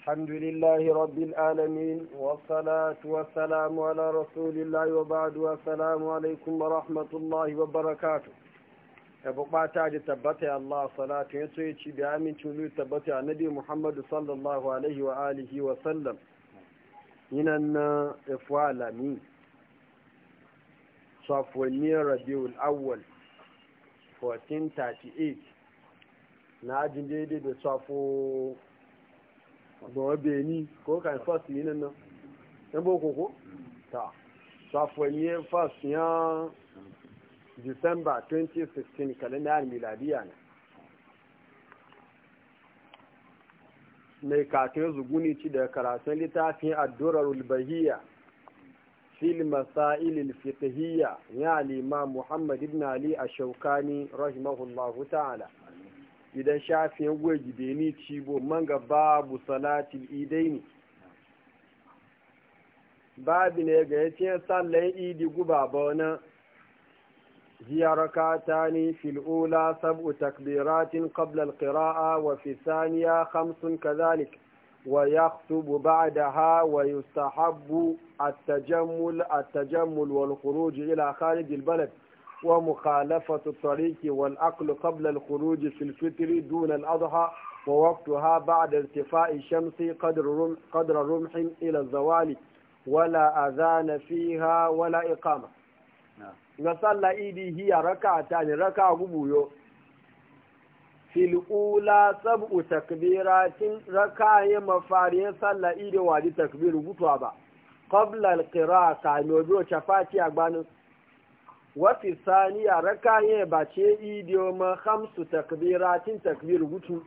الحمد لله رب العالمين والصلاة والسلام على رسول الله وبعد والسلام عليكم ورحمة الله وبركاته da ya Allah salatu ya so da amincin zuwa tabbata a nabi Muhammadu sallallahu na 1438 da bawa beni ko kan fas yi nan nan yan boko ko ta safoniye fas ya december 2016 kalendar miladiya ne mai kakai zuguni ci da karatun littafin addurar ulbahiyya fil masailil fiqhiyya ya lima muhammad ibn ali ash-shawkani rahimahullahu ta'ala idan shafe wa gideni cibo man babu salatil idai ne babu ne ga yacin sallan idi guba ba wani ziyarar ta fil'ula sab'u takbiratin qablal qira'a wa fi saniya hamsin kazalik wa ya tubu ba da ha wa yi sahabu a tajammul wal khuruj ila khalid al-balad ومخالفة الطريق والأقل قبل الخروج في الفطر دون الأضحى ووقتها بعد ارتفاع الشمس قدر رمح, قدر رمح إلى الزوال ولا أذان فيها ولا إقامة نصلى إيدي هي ركعتان ركع قبويو في الأولى سبع تكبيرات ركع مفارين صلى إيدي وادي تكبير قطوة قبل القراءة كان يوجو شفاتي أقبانه wafi saniya raka ya bace idioma hamsu takbiratin takbir hutu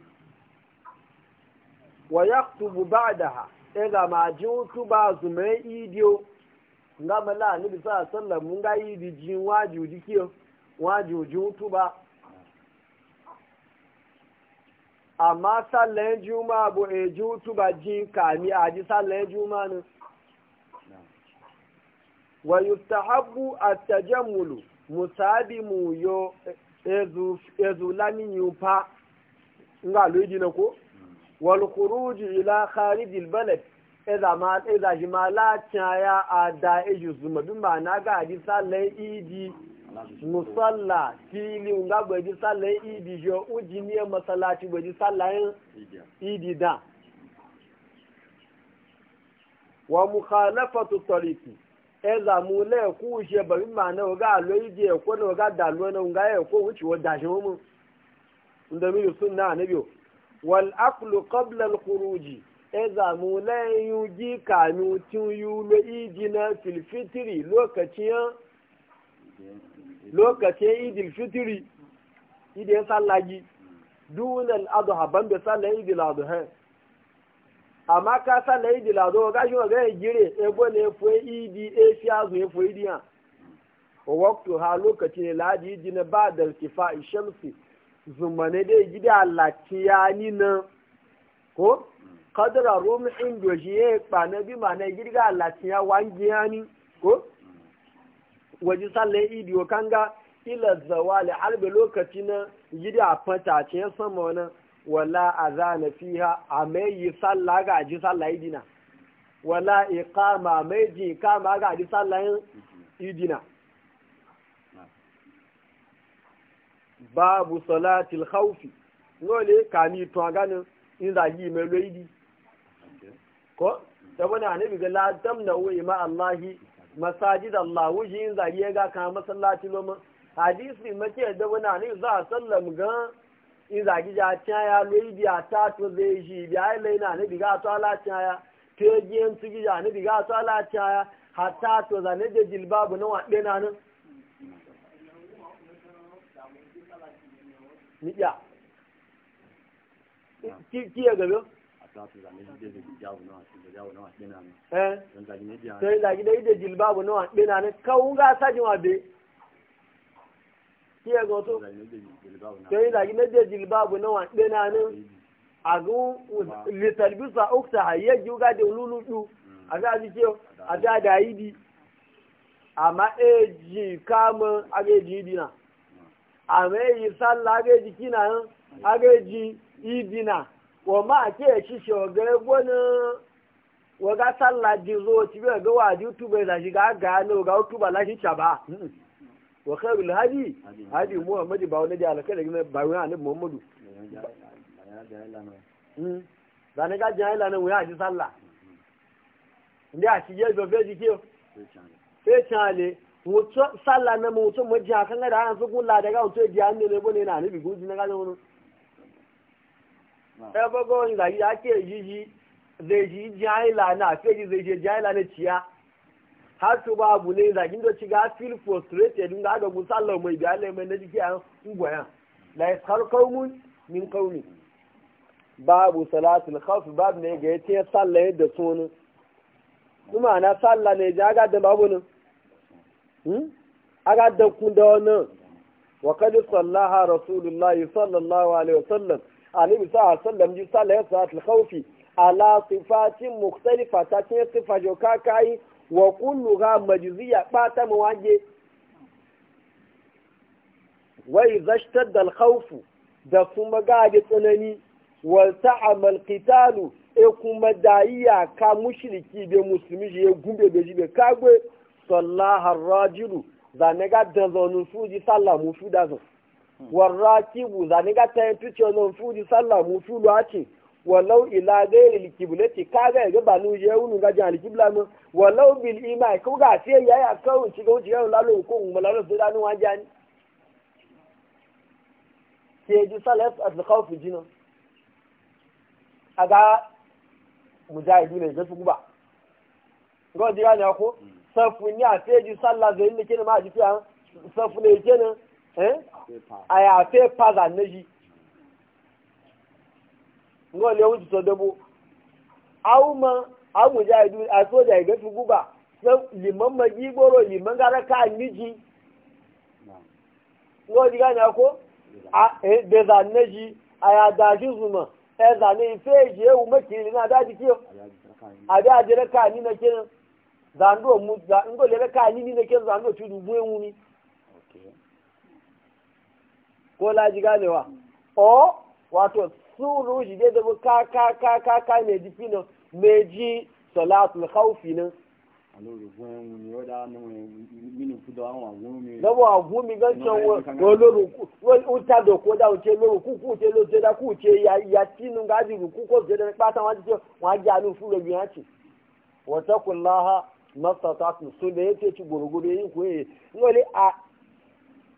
wa yaktubu ba'daha ega ma hutu ba zume idiyo nga mala ni bisa sallam mun ga idi jin waju dikiyo waju hutu ba amma sallan juma bu e hutu ba jin kami aji sallan juma ne wa yustahabu atajammulu musabi muyo ezu ezu lami yupa nga luji na ko wal khuruj ila kharij al balad idza ma idza jimala chaya ada eju zuma bi ma na idi musalla fili nga gbeji sallai idi yo uji ni masallaci gbeji sallai idi da wa mukhalafatu tariqi eza mu le ku uje ma na oga alo ije ekwo na oga da alo na nga ekwo wuce wo dashi mu nda mi su na ne bi wal aqlu qabla al khuruj eza mu le yuji ka nu tun yu le ije na fil fitri lokacin lokacin idil fitri idin sallaji dunal adha bambe sallan idil amma ka sa na idi lado ga shi wa ga gire ebo ne fo idi e fi azu e fo idi ha wa waqtu ha lokaci ne ladi idi na ba da kifa shamsi zumane dai gida latiya ni na ko kadara rumhin doji ya kpa na bi ma na girga latiya wangiya ni ko waji salle idi o kanga ila zawali albe lokaci na gida fata ce sama wannan wala azana fiha a mai yi sallah ga ji sallah idina wala iqama mai ji kama ga ji sallah idina babu salatil khawfi ka ni to ganin in za yi mai loidi ko da wani annabi ga la tamna wa ima allahi masajid allah wuji in za yi ga kama masallaci loma hadisi mace da bana ne za sallam ga in zagi ja tiya lo ibi ata to zai shi bi yi lai na ne biga to ala tiya to gen tu gi ja ne biga to ala tiya to za ne na wade na nan niya ki zagi na eh? na nan wa be tí ẹ tó torí ìdàgí méjèèjì ìlbáàbò náà wà ń ní àgún lìtàlbísà òkúta àyẹ́jì ó gáde olúlùdú hmm. àti àdìsí àti àdàídì àmà èjì káàmọ́ agéjì ìdì náà hmm. àmà èyí sálà aga kí náà ń agéjì ìdì náà wọ́n máa kí ẹ̀ ṣiṣẹ́ ọ̀gá ẹgbọ́n náà wọ́n gá sálà ji ga wa khairul hadi hadi muhammad ba wani da alaka daga ba wani annabi muhammadu hmm. ba ne gajin haila nan wuya ji sallah ndi a ci yezo fe ji kiyo fe chale wuto sallah na mutum mu ji hakan da an su kula daga wuto ji an ne bone na annabi guji na gajin wani e bogo ni da ya ke yi yi zai ji haila lana, fe ji zai ji haila lana ciya har su ba abu ne zagin da ci ga feel frustrated din ga ga gusallo mai biya le mai naji kiyan ngwaya la yaskhar qaumun min qawmi babu salatul khawf bab ne ga yace sallaye da sunu kuma na salla ne ja ga da babu ne hmm aga da ku da wannan wa qad sallaha rasulullah sallallahu alaihi wasallam annabi bi sa'a sallam ji sallaye salatul khawfi ala sifatin mukhtalifa ta ce sifa joka kai wa kulluha majziya bata mu waje wai zashtar da alkhawfu da kuma gaje tsanani wal ta'amal qitalu e kuma daiya ka mushriki be musulmi je gumbe be jibe kagwe sallaha ar-rajulu zaniga danzonu fuji sallamu fudazo warakibu zaniga tayin tuce non fuji sallamu fulu ake walau ila gairi likibulati ka ga ga ba nu je wunu ga jan likibla mu walau bil imai ko ga sai ya ya kawo ci ga ga lalo ko mu lalo su da nu jani. ke ji salat al khawf jina aga mujahidu ne ga su guba ga ji ga ko safu ni a sai ji sallah zai ne kin ma ji fi an safu ne kin eh aya fe paza ne ji ngo le wuji to dabo awuma amuja idu asoja iga fi guba sai lima maji goro liman gara ka niji ngo diga na ko a e de za neji aya da zuma e za ne fe je u makiri na adi dike a da je raka ni na ke zando mu da ngo le raka ni na ke zando tudu buwe wuni ko la jiga ne wa o wato su shi dai da bu ka ka ka ka ka me ji fino me ji salatul khawfi nan lọ́wọ́ àgún mi gan ṣan olórùkú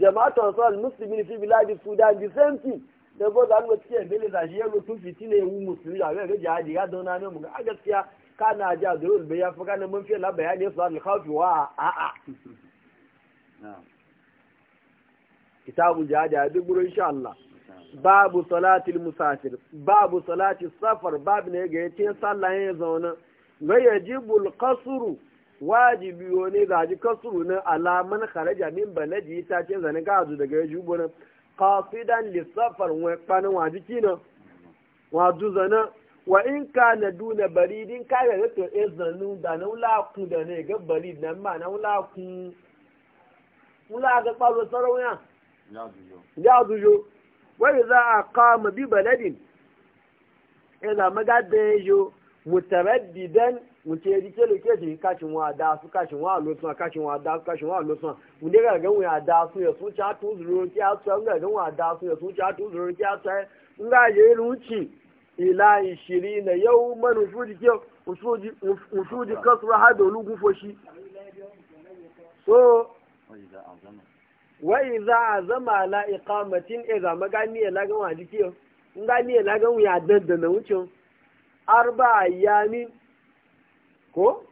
jama'atu ansar muslimin fi biladi sudan the same thing da bo zan ga cikin bele da shi yalo tun fitine wu musulmi da ga jihadi ya dona ne mu a gaskiya kana ja da rul ya fuka ne mun fi la bayani su al khafi wa a a kitabu jihadi a duk insha Allah babu salatil musafir babu salatil safar babu ne ga yace sallah ya zauna ga yajibul qasru wajibi ne za ji kasuru na alaman kharaja min baladi ta ce zanin gazu daga yaji gona qasidan lisafar wa kwanan waji kina waju zana wa in kana duna baridin ka da to izanu e da na ula ku da ne ga barid nan ma na ula ku ula ga palo sarauya ya dujo ya dujo wa idza qama bi baladin ila magadde yo mutaraddidan mutu ya dike loke shi kashin wa da su su kashin wa losun mun ga ganwa ya da su ya sun cha tu zuru ki a ga ya sun cha tu zuru ki a su nga eh. je ruci ila 20 yawman usuji ke di usuji ha hado lugu foshi so wa e za azama e la iqamatin idza magani nga ni e arba ko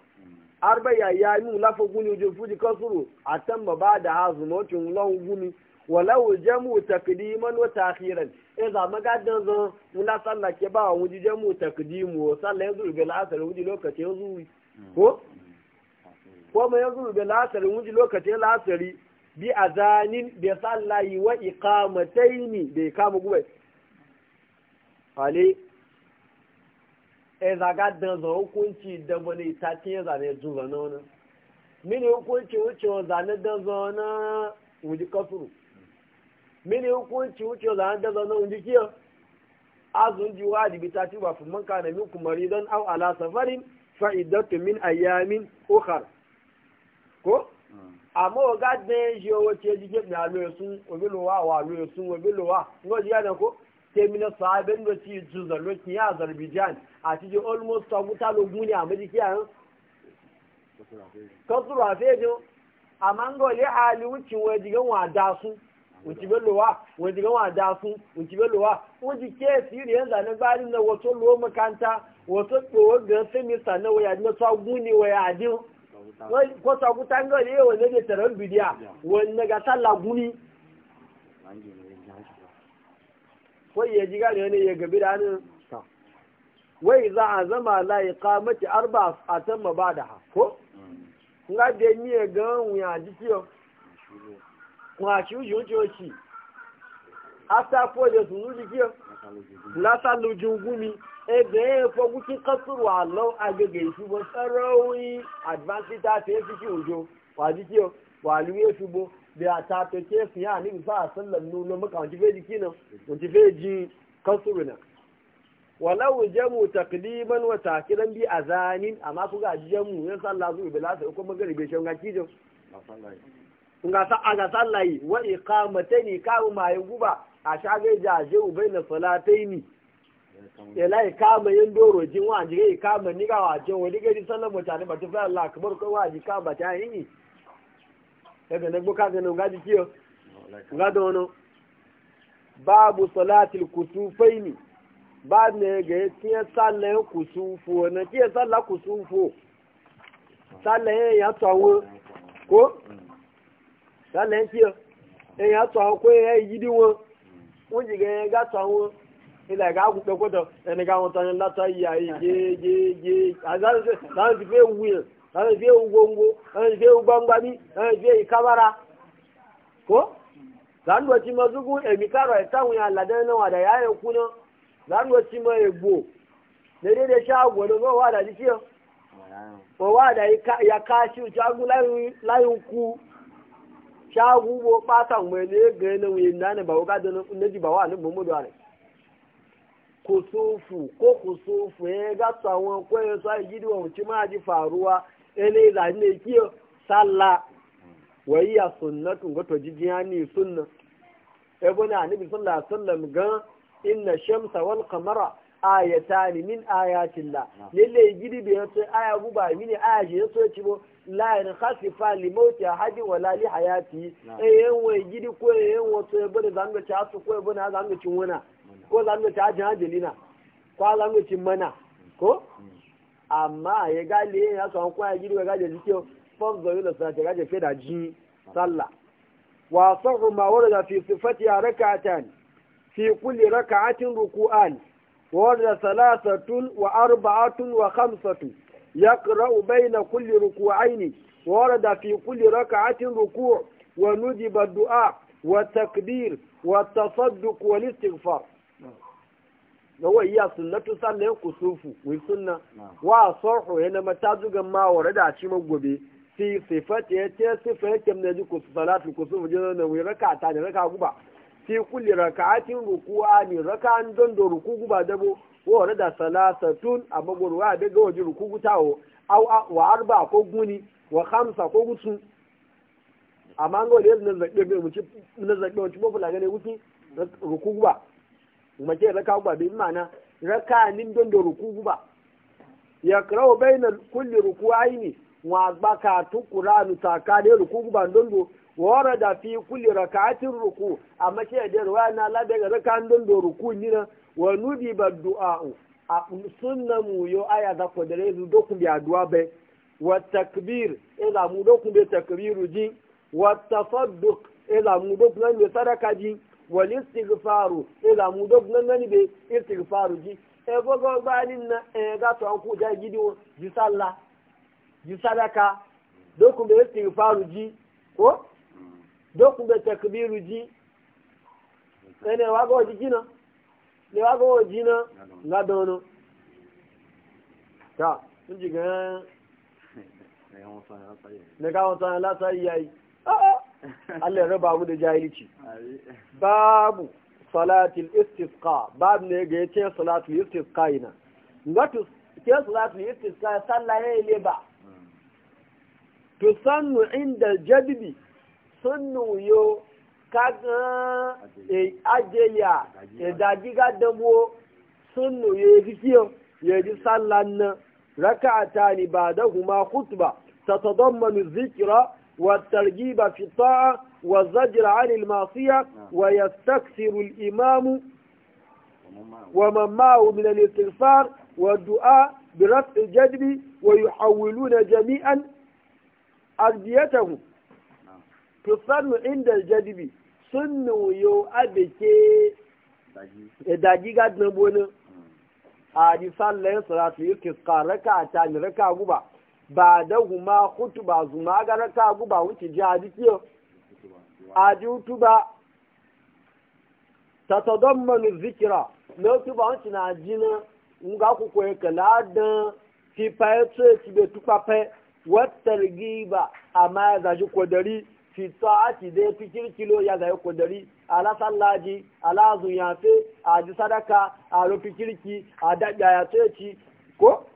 arba ya ya mu lafa guni jo fuji kasuru atan ba ba da hazu mocin lawan guni walau jamu takdiman wa ta'khiran idza e magadan zo mun la sallah ke ba ji jamu takdimu sallah yanzu bil asr wuji lokaci yanzu ko ko ma yanzu bil asr wuji lokaci lasari bi azanin bi sallahi wa iqamataini bai kama gube ali e zaga danzo hukunci da wani tatin ya zane zuwa na wani mini hukunci wuce zane danzo na wuji kasuru mini hukunci wuce zane danzo na wuji kiyo azun ji wajibi ta ci ba fi man kana min kumari don au ala safarin fa'idatu min ayyamin ukhar ko àmọ́ ọ̀gá dẹ́n ṣe owó tí ẹ jíjẹ́ ní àlọ́ ẹ̀sùn òbí lò wá àwọn àlọ́ ẹ̀sùn òbí lò wá ńgọ́ jíjẹ́ náà ko. kemina sahabin da ci su zarro ki ya zarbijan a cikin almost ta wuta logun ne a majiki eh? a yan kasura fejo a mango le hali wucin wajigan wada su wuci belowa wajigan wada su wuci belowa wuci ke siri yan zane gbarin na wato lo makanta wato tsohon ga sami sana waya na tsagun ne waya adin ko tsagutan gari yawon ne da tarar bidiya wani ga tsalla guni wai ya ji gane ne ya gabi da hannun wai za a zama layi kamati arba a can ma ba da ha ko mm. nga de ni e ga wuya ji ti o wa shi ju ju chi asa po de tunu ji ti o la sa lu ju gumi e de po gu ti kasuru alo agege isu bo sarawi advance ta te fi ki ojo wa ji ti wa lu e fi bí ta ta ke fi hàn níbi sáà sílẹ̀ nínú ló mọ́kà wọ́n ti fẹ́ di kí náà ji ti fẹ́ di kọ́sùrù náà. walau jamu taqdiman wa ta'kiran bi azanin amma ku ga jamu yan sallah zuwa bi lasa ko magari be shanga kijo nga sa aga sallahi wa iqamataini ka ma guba? a shage jaje ubaina salataini yala ikama yin doro jin wa je ikama ni ga wa je wani gari sallan mutane ba ta fa Allah akbar ko wa ji ka ba ta yi ẹbẹ̀ ní gbókà sẹ́nu ńgá di kíọ́ ńgá dán báàbù sọlá àti kùsù fẹ́yìnì báàbù ní ẹgẹ̀ ẹ sálẹ̀ kùsù fò ọ̀nà tí ẹ sálà kùsù fò sálẹ̀ ẹ̀yà tó àwọn kó sálẹ̀ ń kíọ́ ẹ̀yà tó àwọn kó ẹ̀yà ìyídí wọn wọ́n jìgẹ̀ ẹ̀gá tó àwọn ilẹ̀ ẹ̀gá àgùpẹ̀ kọ́tọ̀ ẹnìkan wọn tọ́ ni látọ̀ yà an je ugongo an je ugbangwami an je ikabara ko zanwaci mazugu emikaro etawun ya ladan na wada ya yi kuna zanwaci ma egbo da dai da shago da ba wada jike ba wada ya kashi shago layin ku shago bo pata mai ne ga na wuyi na ne ba wuka da na ji ba wa ni bumbu da kusufu ko kusufu ya gasa ko kwaye su a wa mutum ma ji faruwa ẹni la èkí ọ sálà wọ́n yíya sunna tó ń gbọ́tọ̀ jíjí á ní sunna ẹgbọ́n náà níbi sọ́lá ga inna shamsa wal qamara ayatani min ayatillah lalle gidi bi yato aya mi mini aya je so ci bo la in khasifa li mauti ahadi la li hayati e yan wai gidi ko e yan wato e zan zanga cha su ko e bane zanga cin wona ko zanga ci ajin adelina ko zanga ci mana ko amma ya gali yin ya sami kwaya gidi ga gajin zikin fon zoyi da sace gajin fi da ji sallah wa sahu ma warda fi sifati a rakatan fi kulli rakatin ruku'an warda salasatun wa arba'atun wa khamsatu yaqra'u baina kulli ruku'aini warda fi kulli rakatin ruku' wa nujiba du'a wa takbir wa tasadduq wa istighfar wa iya sunnatu sallan kusufu wi sunna wa ya yana mata zuga ma wa rada ci gobe fi sifati ya ce sifa ya kemne ji kusu salatu kusufu jina na wi raka ta da raka guba fi kulli raka'atin ruku'a ni raka'an don do ruku dabo wa rada salasatun a magwarwa daga waje ruku gutawo au wa arba ko guni wa khamsa ko gutsu amma an ga wani yadda na zaɓe mai mutu na zaɓe mutu ba fula gane wuti mace raka gwa bi mana raka nin don da ruku ba ya karau bayna kulli ruku aini wa baka tu qur'anu ta ka da ruku ba don do wara da fi kulli rak'atin ruku amma ce da ruwa na la daga raka don do ruku ni na wa nudi ba du'a a sunna mu yo aya da ko da rezu do ku bi addu'a be wa takbir ila e mu do ku be takbiru ji wa tafadduq ila e mu do ku ne sadaka ji wali istighfaru ila mu dog nan nan be istighfaru ji e bogo gbani na e ga to an ku ja gidi wo ji salla ji sadaka doku be istighfaru ji ko doku be takbiru ji ene wa go ji jina ne wa go jina la dono ta sun ji ga ne ga wata la sai yayi a'a ah, ah. Allah ya raba mu da jahilci babu salatul istisqa babu ne ga yace salatul istisqa ina ngatu ke salatul istisqa sallah ne le ba to sannu inda jadbi sunnu yo kaga e ajeya e dagiga dabo sunnu ye fikiyo ye ji sallan raka'atani ba da huma khutba tatadammanu dhikra والترغيب في الطاعة والزجر عن المعصية ويستكثر الإمام ومن معه من الاستغفار والدعاء برفع الجدب ويحولون جميعا أرديتهم تصن عند الجدب سن يو أبكي إداجي قد نبونا آدي صلى صلاة يكسقى ركعتان ركع قبع ba da huma hutu ba zuma gara ta agu ba wuce ji a jikiyo a ji hutu ba ta manu zikira na hutu ba wuce na na nga kuku ya kala tsoye ci bai tuka watar giba amma ya zaji kodari a ati dai fikir kirkilo ya zaji a lasallaji a ala zuyafe a ji sadaka a rufi kirki a daɗa ya tsoye ci ko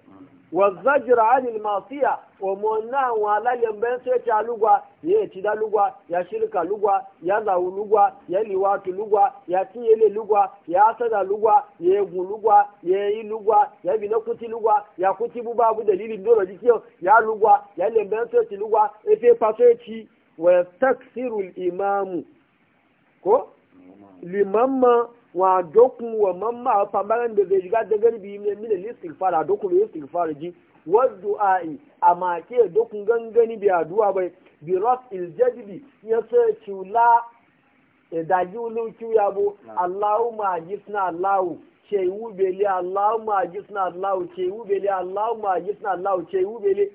والزجر عن المعصية ومنا ولا ينبن سيتا لغوا يتدا لغوا يا شركة لغوا يا ذاو لغوا يا لوات لغوا يا تيل لغوا يا سدا لغوا يا غو لغوا يا اي لغوا يا بنا كوتي لغوا يا كوتي بوبا ابو دليل ندور ديكيو يا لغوا يا لنبن سيتا لغوا افي فاسيتي ويستكثر الامام كو لمما wa dokun wa mamma fambaran da zai shiga dagar biyu ne mina listigfar a dokun ya istigfar ji wadu'a'i a make dokun gangani bi adu'a bai bi ras iljadidi ya ce cula e daji ulukiyu ya bu allahumma ajisna allahu cewu bele allahumma ajisna allahu cewu bele allahumma ajisna allahu cewu bele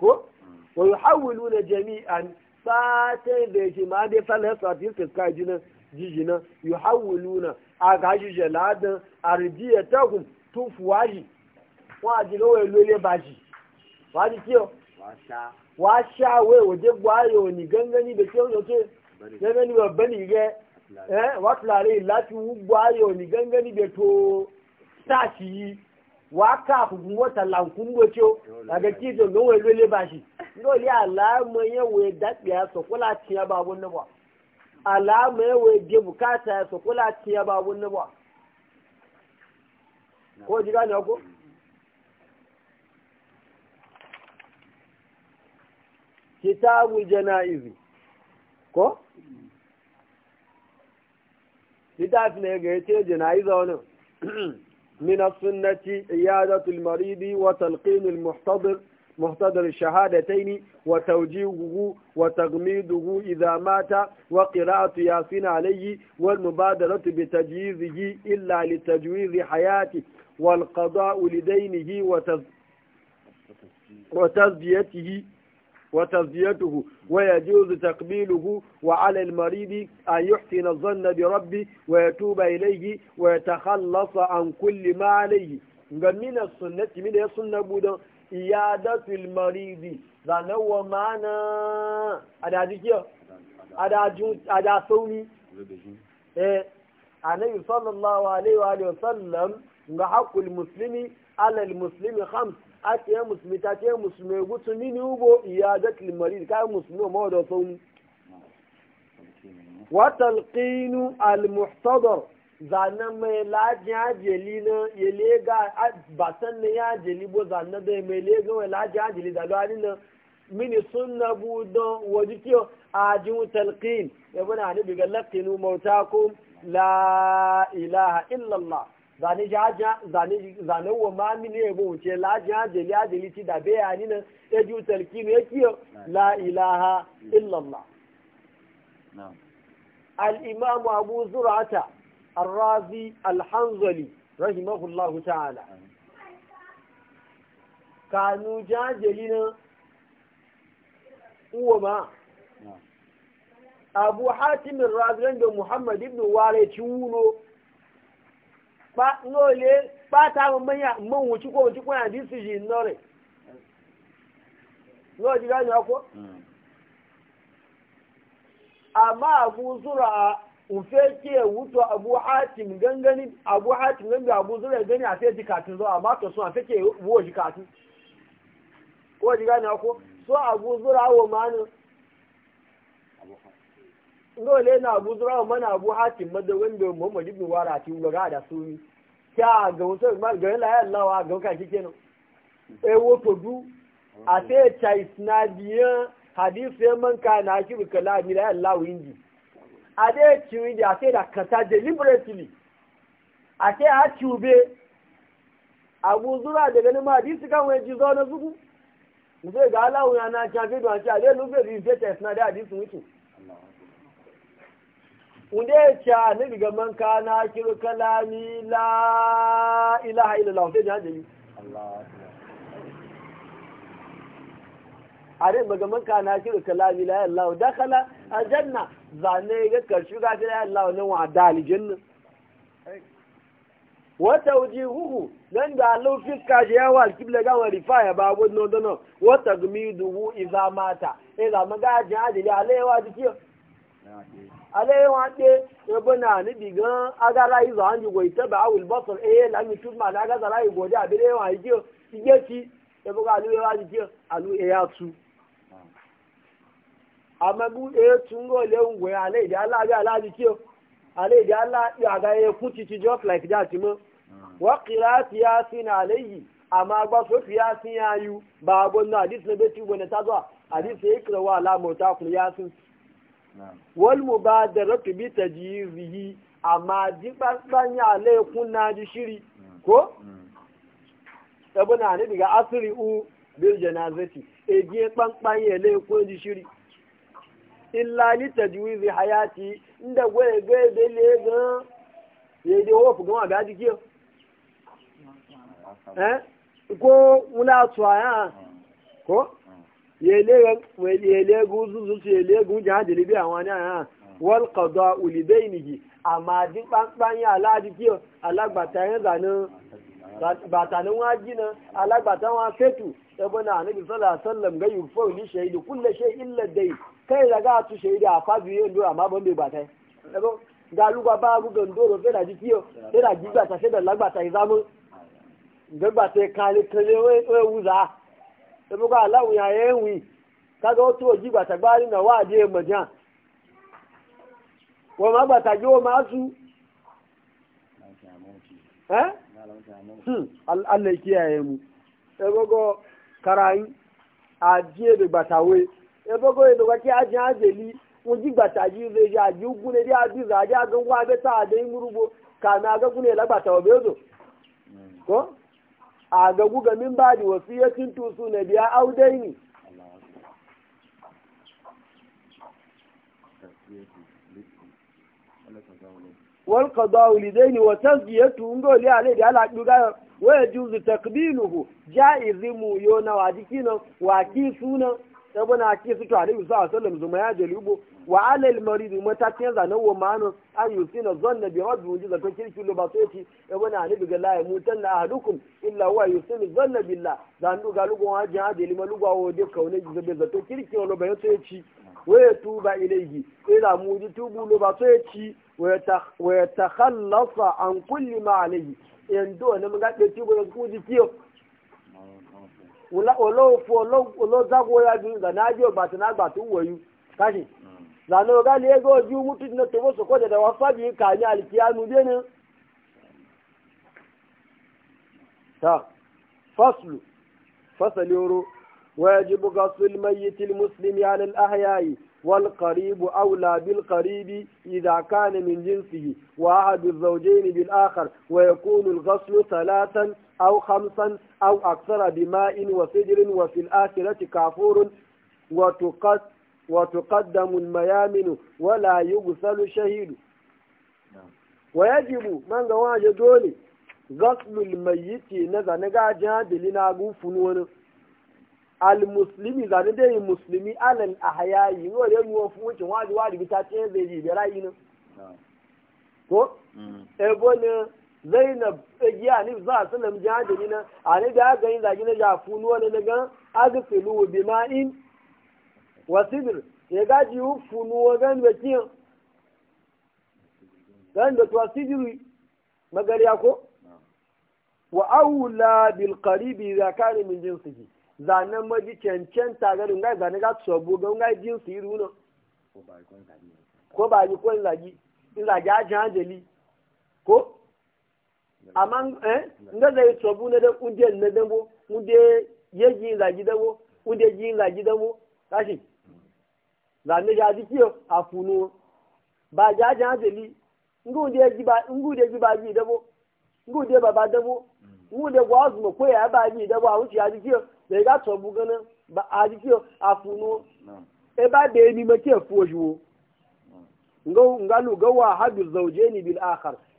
ko mm. wa yuhawwiluna jami'an satin da yake ma dai sallar sa ta yi jinan jijina yuhawwiluna a gaji jeladin a rijiya tagun tun fuwaji wọn àti lọ́wọ́ èlò ilé bàjì wàá di kí o wàá ṣàwé òde buhari òní gẹ́gẹ́ níbi tí ne ń lọ́tọ́ gẹ́gẹ́ níbi ọ̀bẹ́ nìyẹn ẹ wàá tìlárí láti wú buhari òní gẹ́gẹ́ níbi tó sáàsì yìí wàá ká àkùkù mọ́ta làǹkú mbọ́tí o àgẹ́ kí ètò lọ́wọ́ èlò ilé bàjì lóòlì àlàámọ̀ yẹn wò é dàpẹ́ àsọ̀kọ́lá tiẹ̀ bá wọn náà alama ya waje bukata ya sokula ce ya babun na ba ko ji gane ko kitabul janaizi ko littafi ne ga yace janaiza wani min as-sunnati iyadatul maridi wa talqinul muhtadir مهتدر الشهادتين وتوجيهه وتغميده إذا مات وقراءة ياسين عليه والمبادرة بتجهيزه إلا لتجويز حياته والقضاء لدينه وتز... وتزديته وتزيته ويجوز تقبيله وعلى المريض أن يحسن الظن بربه ويتوب إليه ويتخلص عن كل ما عليه من السنة من السنة بودا iyadatul maridi zane wa mana adaji kiyo adaju adasauni eh annabi sallallahu alaihi wa sallam wasallam ga haqqul muslimi ala al muslimi khams ake muslimi ta ke muslimi gutu nini ni ugo iyadatul maridi kai muslimi ma da sauni wa talqinu al muhtadar zanen mai lajin ajiyeli na yele ga ba san na ya ajiyeli bo zanen da mai lega wa lajin ajiyeli da lwani na mini sun na budon waje kiyo ajin talqin ya bana hannu daga laƙinu mautakum la ilaha illallah zane jaja zane wa ma mini e bo ce la jaja li ajili ti da be ani na e ju talqin e kiyo la ilaha illallah na'am al imam abu zur'ata الرازي الحنظلي رحمه الله تعالى كانوا جاجلين وما أبو حاتم الرازي عند محمد بن والد شونو nole pata manya mun wuci ko wuci ko na disiji nore no diga ni ako amma abu zura ufe ke wuto abu hatim gangani abu hatim gangani abu zura gani a sai jikatun zo amma to sun a sai ke wo jikatun Kowa ji gani ko so abu zura wo manu dole na abu zura wo mana abu hatim madda wanda muhammad ibn wara ti ga da su kya ga wuto ma ga la Allah wa ga ka kike no e wo to du a sai chais na biya hadisi man kana kiru kalami la Allah winji ade ciwi da ake da kasa deliberately ake a cube abu zura daga nima hadisi kan wani jizo na zuku zai ga alawun yana shafi don shi ale lufe rinfeta suna da hadisi wuce wanda ya ce a nabi ga man kana kiru kalami la ilaha illallah sai jihajali a rin maga man kana kiru kalami la ilaha illallah dakala aljanna zane ga karshe ga ta Allah ne wa da aljanna wa tawjihuhu dan da Allah fiska je ya wal kibla ga wa rifa ya ba gon no dono wa tagmiduhu idza mata e ga maga je adili alewa dike alewa de e bana ni diga agara izo anji go itaba awul basar e la mi tuma na ga zara igo de abilewa ije ije ti e buga alu e wa dike alu e ya tu amagu etu ngole ngwe ale ide ala abi ala abi kio ale ide ala aga eku titi just like that mo hmm. wa qira'ati yasin alayhi amma gba so fi yasin ayu ba go na hadith ne beti wona tazwa hadith e kira wa ala mota kun yasin hmm. wal mubadaratu bi tajyizihi amma ji pasanya ale kun na ji shiri hmm. ko tabuna ne diga asri u bil janazati e ji pampanye e ele kun ji shiri illa li tajwizi hayati inda gwaye gwaye da le ga ya dai hofu gama ga jiki eh ko mula tsaya ko ya le ga ya le gu zuzu ya le gu jihadi libi awani aya wal li bainihi amma din panpan ya ala jiki alagbata yan zanin bàtàlẹ́ wọn á jìnà alágbàtà wọn á fẹ́tù ẹgbọ́n náà níbi sọ́lá sọ́lẹ̀m gẹ́yù fọ́ ìlú ṣe ìlú kúlẹ̀ kai daga atu shaida a fa biyu ndo amma ban bai batai dago ga lugwa ba bu ga ndoro fe da jikiyo fe da jigba ta fe da lagba ta izamu ngba te kale kale we we uza e bu ga lawu ya yenwi kaga otu ojigba ta gbari na wa die majan wo ma gba ta jo ma su eh hmm, Allah kiyaye mu e gogo karayin ajiye da gbatawe ebogo a aji ajeli wọ́n jígbàtà yìí lè ṣe àjí ogún lè rí àdìsá àjẹ́ àgọ́ngún abẹ́tà àdé ìmúrúgbó kàmí agọ́gún lè lágbàtà ọ̀bẹ́ odò kọ́ gẹ̀mí ń bá àdìwọ̀ sí yé tí ń tu sùn nàbí áúdẹ́yìnì. wọ́n kọ̀dọ̀ òlìdẹ́yìnì wọ́n tẹ́sí yé tù ń gò lé àlè ìdí alágbègbè wọ́n èjì sai na ki su to alaihi sallam zuma ya jalubo wa alal marid matakin zanan wa manu an yusina zanna bi rabbi mujiza to kirki lo ba soti sai bana alibi ga la na ahadukum illa wa yusina zanna billah zan du ga lugo haji hadi lima lugo wo de kaune zabe zato kirki lo ba soti wa tuba ilayhi ila muji tubu lo ba soti wa yatakhallasa an kulli ma alayhi yando na mun ga de tubu ko ji kiyo olóòfò olóòzáwó yájú ìgbànájú ògbàtínágbà tó wòyú káṣì lànà ọ̀gá lè gọ́ ojú mú títí náà tòwó sòkó dẹ̀dẹ̀ wọ́n fábí kà ní àlìkíyánu bí ní. fọ́sùlù fọ́sùlù oró wọ́n jí bùkà sùlùmọ́ yìí tí mùsùlùmí alẹ́ ahayá yìí والقريب أولى بالقريب إذا كان من جنسه وأحد الزوجين بالآخر ويكون الغسل ثلاثا أو خمسا أو أكثر بماء وسدر وفي الآخرة كافور وتقد وتقدم الميامن ولا يغسل شهيد ويجب من جواج دولي غسل الميت نذا نجا جاد لنا غفنون المسلم إذا ندعي مسلمي على الأحياء يقول يوم وفوت واجب واجب تاتين زي بيراينه ko ebo ne zainab eh, a ni za a salam jihadi na a ni da aka yi zagi na jafu nuwa na daga agfilu bi ma'in wasidir ya gaji yi funuwa gan da kiyan gan da tuwa sidiri magariya ko wa aula bil qaribi za kare min jinsihi zanen maji cancanta garin za ni ga tsobo ga ngai jinsi iru na ko ba yi ko zagi in zagi a jihadi ko ama eh nga zai tobu na dan unde na dan bo unde yeji la gidan bo unde ji la gidan bo tashi la ne ja di kiyo afunu ba ja ja zeli ngu de ji ba ngu de ji ba ji da ngu de baba da bo ngu de gwa azuma ko ya ba ji da a wuce ya di kiyo da ga tobu ganin ba a di kiyo afunu e ba de ni ma ke fuwo nga nga lu ga wa hadu zawjeni bil akhar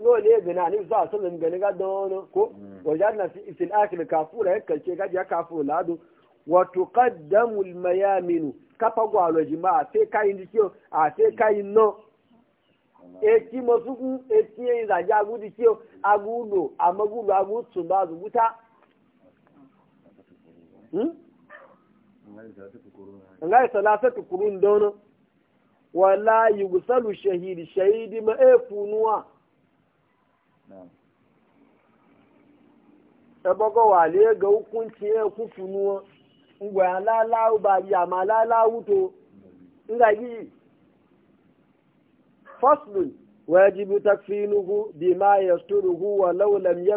no ne gina ni za su zan gani ga don ko mm. wajen na fi fil akhir kafura yakkan ce gaji ya kafura ladu wa tuqaddamu al mayaminu kafa gwalo jima'a sai kai ndi kiyo a sai kai no eti mosuku eti yin zaje agudi kiyo agudo amagudo agutsu ba zubuta hmm ngai salasatu kurun dono wala yugsalu shahidi shahidi ma e efunuwa ẹgbọ́gọ́ wà lé ẹgbẹ́ okun tí ẹ kú fún wọn ngbọ̀ aláláwò bá yí àmà aláláwò tó ńgbà yìí fọ́sùlùn wẹ́jìbù takfínuhu bí máa yẹ sóruhu wà lọ́wọ́lẹ̀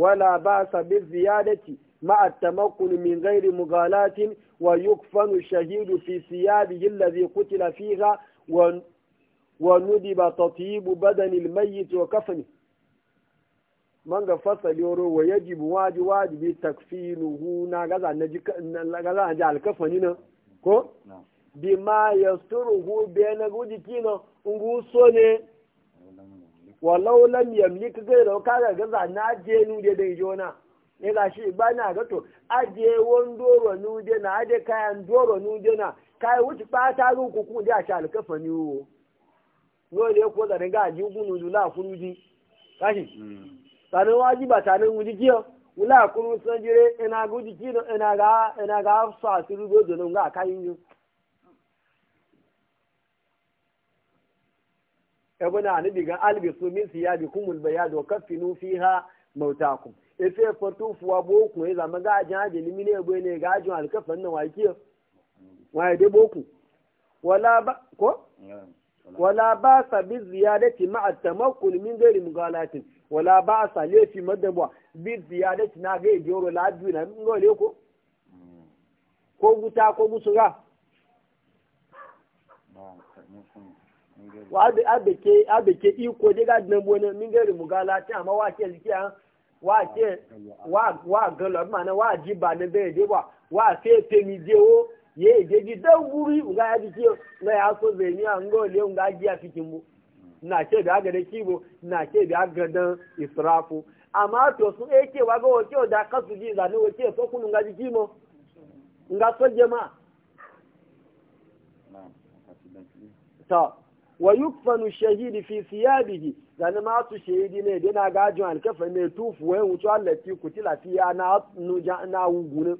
wọ́n là bá sàbí ziyádẹ́tì مع التمكن من غير مغالاة fi الشهيد في ثيابه الذي قتل فيها وندب تطيب بدن الميت وكفنه من ga fasali ويجب واجب واجب تكفينه wajibi takfinuhu na gaza na ji gaza na ji alkafani na ko bi ma yasturuhu na guji kino ungu so ne gaza na shi ba na ga to aje won doro kayan doro nu na kai wuce ba ta ku ku da shi alkafani wo yóò lè kó tàbí gáàjí gúnnù jù láàkúrú jí káṣì tàbí wọ́n jí bàtà wùdí kí ọ wù sanjire ẹnàgó kí ẹnàgá sọ àṣírí ẹgbẹ́ náà níbi gan alibi mi sì fi ha mọ̀tà kù efe bó kùn ẹ̀ ní ní ẹgbẹ́ ní wọn àlùkẹ́fẹ́ náà wáyé kí wọn àyè dé bó wala ba sa bi ziyadati ma at-tamakkul min ghairi mughalatin wala ba sa lefi madabwa bi ziyadati na ga joro la na ngole ko ko guta ko gusura wa abeke abeke iko de ga dan bono min ghairi mughalatin amma wa ke ziki an wa ke wa wa galo ma na wa jiba ne be de wa wa fe fe mi de o ye deji dan guri nga ya jike nga ya so zai ni an gole nga ji a cikin mu na ce da ga da kibo na ce da ga dan israfu amma to sun e ke wa ga wace da kasu ji zane wace so kunu nga jiki mo nga so jama ta wa yukfanu shahidi fi siyabihi zane ma su shahidi ne da na gajin alkafa ne tufu wayan e, wuce Allah ti kutila fi na na wugunin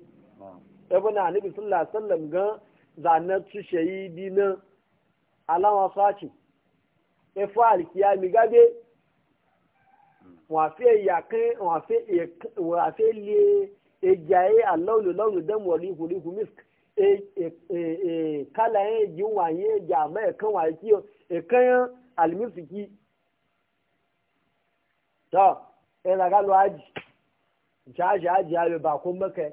ibn anabi sallallahu alaihi wasallam ga zanar su shahidi na alama sace e fa mi gabe wa fe yakin wa fe wa fe le ejaye alawlu lawlu dam wali huli humisk e e kala e ji wa ye ja ma kan wa ki e kan almisiki to e daga lo aji jaji aji abe ba kun maka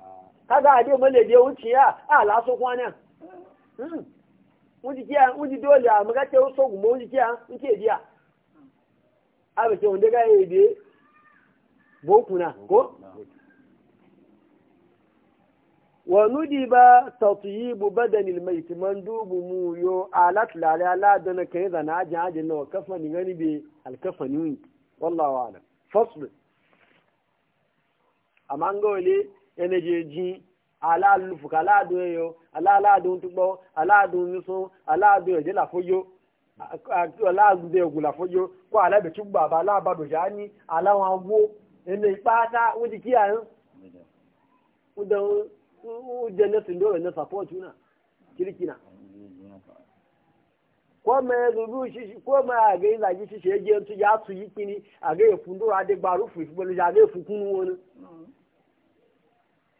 kaga ade mole de wuce ya a la so kwana mm wuji kiya wuji dole a maga te so gumo wuji kiya nke dia abe ke wonde ga bo kuna ko wa nudi nudiba tatyibu badanil mayt man dubu mu yo alat la la la dana kai zana ja ajin no kafani gani be alkafani wallahu a'lam fasl amma ngole ene je jin ala lufuka ala do yo ala ala do tukpo ala do nuso ala do je la foyo ala do de ogula foyo ko ala be tugba ba ala ba do jani ala wa wo ene ipata wo di ki eh? an wo do wo je ne tin do ne support una kirikina ko ma zubu shi ko ma ga yin zaji shi je tu ya tu yi kini aga efun do ade gbaru fu fu bo ja ga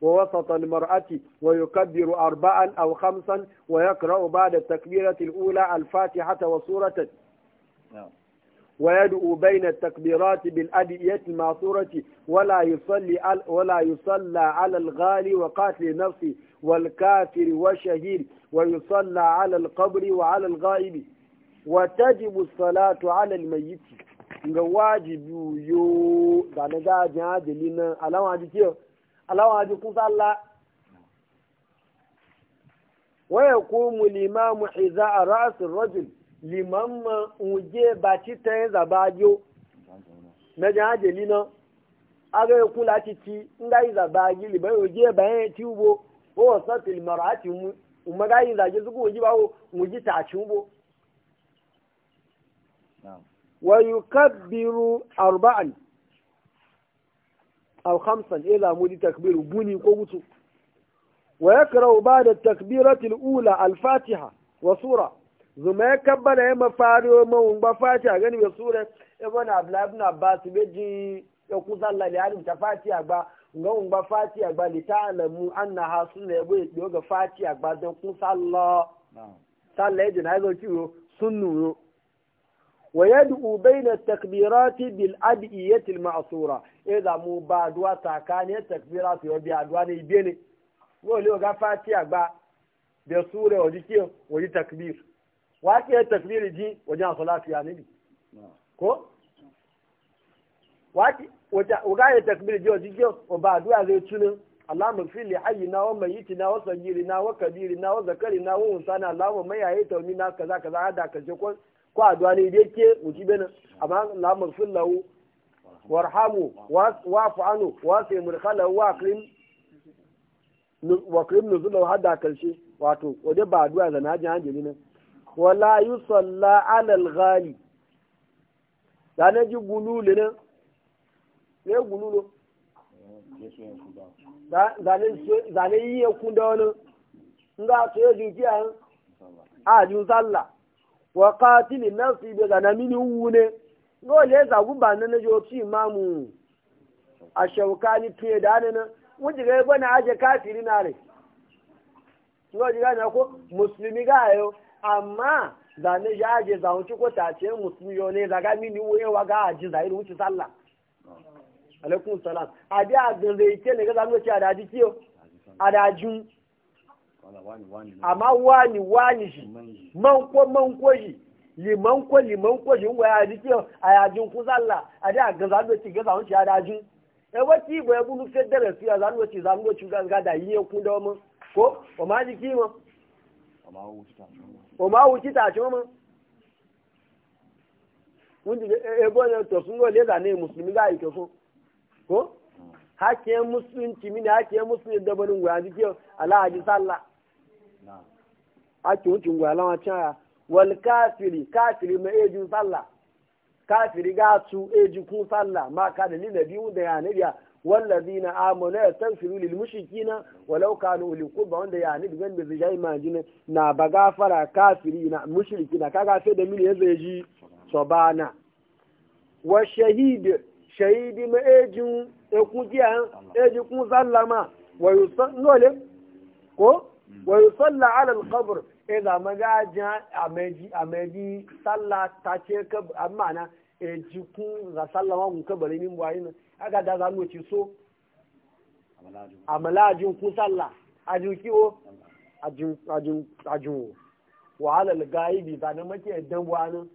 ووسط المرأة ويكبر أربعا أو خمسا ويقرأ بعد التكبيرة الأولى الفاتحة وسورة نعم. ويدعو بين التكبيرات بالأدعية المعصورة ولا يصلي ولا يصلى على الغالي وقاتل نفسه والكافر والشهيد ويصلى على القبر وعلى الغائب وتجب الصلاة على الميت ga wajibi yo da na gajin adali nan alama alawan aji kun salla wa yaqumu limamu iza ra's ar-rajul liman ma uje ba ti tan zabajo na jan jaje lina aga kula ti ti ngai zabaji liban uje ba yan ti ubo a wasatil mar'ati umaga yin zaje zuku uji bawo uji ta chubo wa yukabbiru arba'an aw khamsan ila mudi takbir buni ko mutu wa yakra'u ba da takbiratul ula alfatiha wa sura zuma ya ma ya mafariyo mawun ba fatiha gani bai sura ibn abdullah ibn abbas beji ya kusa ta fatiha ba nga ba fatiha ba li ta'lamu annaha sunna ya bai ga fatiha ba dan kusa Allah sallah ciwo ويدعو بين التكبيرات بالأدئية المعصورة إذا مو بعد وتكان التكبيرات يوبي عدوان يبيني ولو غفاتي أبا بسورة وديكي ودي تكبير واكي التكبير دي وجان صلاة في نبي كو واكي وجان التكبير دي وديكي وبعد وزي تشنو اللهم اغفر لي حينا وميتنا وصغيرنا وكبيرنا وذكرنا وانثانا اللهم ما يهيت منا كذا كذا هذا كذا ko addu'a ne dai ke muji bena amma la maghfir lahu warhamu wa wa'fu anhu wasi mulkhalahu wa akrim wa akrim nuzulahu hadda karshe wato waje ba addu'a zana hajji jin hanjeli nan wala yusalla ala al-ghali da na ji gululu nan ne gululu zane yi ya kunda wani nga so ya jinki a a jin sallah wa qatil nafsi bi ganamini wune dole za guba na na jo ci imamu a shaukani tuye da nan mun diga ba na aje kafiri na re ko diga na ko muslimi ga yo amma da ne ya aje za wuce ko ta ce muslimi yo ne daga mini wuye wa ga aji da iru wuce sallah alaikum salam adi a gan zai ke ne ga zamu ci adaji kiyo adajun amma wani wani shi man ko shi liman ko liman ko shi ngwa ya ke a yajin ku zalla a ga za ci ga za a dajin e wati bo e bunu federe su ya za no ci za no ga da yi e ku da ma ko o ma jiki mu o ma wuci ta ci mu wanda e bo ne to sun go le da ne musulmi ga yi mm. ke so ko hakke musulunci mini hakke musulunci dabarin barin gwa dike ala sallah a ci wucin gwala wancan ya wal kafiri kafiri ma ejin sallah kafiri ga su eji kun sallah ma ka da lila biyu da ya nabiya wallazi na amonu ya san firu lil mushiki na walau kanu uli kuba wanda ya nabi gan da zijai majina na ba gafara kafiri na mushiki na ka gafe da mini ya zai ji sobana wa shahid shahidi ma ejin ekujiya ejin kun sallah ma wa yusan nole ko wa yusalla ala al-qabr idza magaja amaji amaji salla ta ce ka amma na e jikun ga sallama kun kabari min wayin aga da za mu ci so amalajin ku salla ajukiwo ajun ajun ajun wa ala al-gaibi ba na make dan wani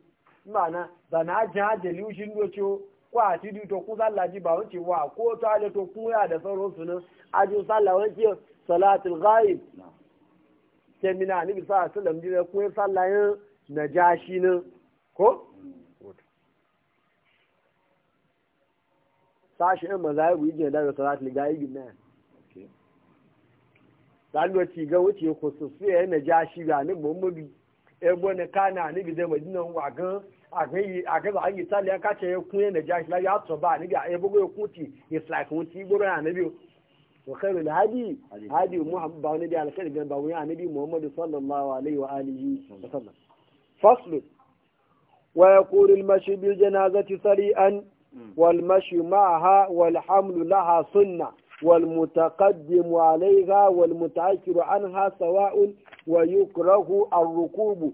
mana ba na ja da lushin docho ko a ti to kun salla ji ba wuce wa ko ta da to kun ya da sauransu nan ajun salla wace salatul ghaib kemina ni bisa sallam jira kun sallayin na jashi ne ko sashi in mazaibu yijin da salat liga yijin na lalo ci ga wuce khususu ya jashi ga ni muhammadu ebo ne kana ni bi da madina wa gan akẹ́bà ayé ìtàlẹ̀ akáṣẹ́ ẹkún ẹ̀ nàìjíríà ṣe láyé àtọ̀bá níbi àyẹ̀bọ́gbọ́ ẹkún ti ìfìlàkùn ti gbogbo na biyu. وخير الهدي هدي محمد باو نبي على خير جنب باو نبي محمد صلى الله عليه وآله وسلم فصل ويقول المشي بالجنازة سريعا والمشي معها والحمل لها سنة والمتقدم عليها والمتأخر عنها سواء ويكره الركوب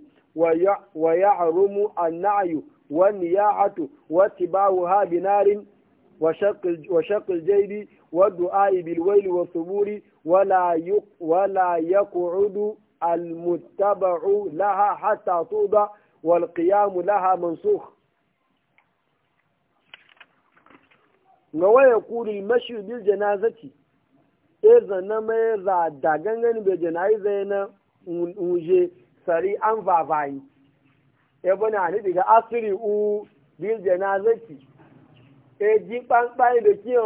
ويحرم النعي والنياعة واتباعها بنار وشق وشق الجيب والدعاء بالويل والصبور ولا يق ولا يقعد المتبع لها حتى توضع والقيام لها منسوخ يقول المشي بالجنازة إذا نما إذا دعنا بالجنازة هنا ونجي sari an fafayi ya bane a nufi ga asiri u bil janazati e